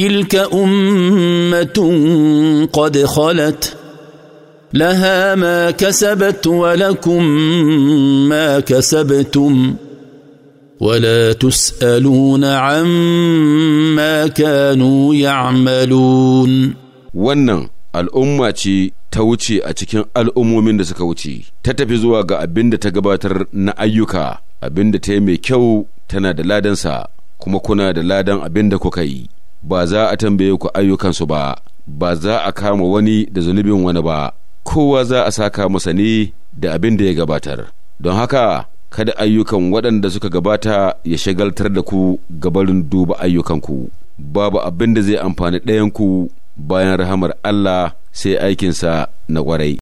تلك امه قد خلت لها ما كسبت ولكم ما كسبتم ولا تسالون عما كانوا يعملون wannan al'umma ce ta wuce a cikin al'ummomin da suka wuce ta tafi zuwa ga abin da ta gabatar na ayyuka abin da ta yi mai kyau tana da ladansa kuma kuna da ladan abin da kuka yi ba za a tambaye ku ayyukansu ba ba za a kama wani da zunubin wani ba kowa za a saka masa ne da abin da ya gabatar don haka kada ayyukan waɗanda suka gabata ya shagaltar da ku gabarin duba ayyukanku babu abin da zai amfani ɗayanku bayan rahamar Allah sai aikinsa na ƙwarai.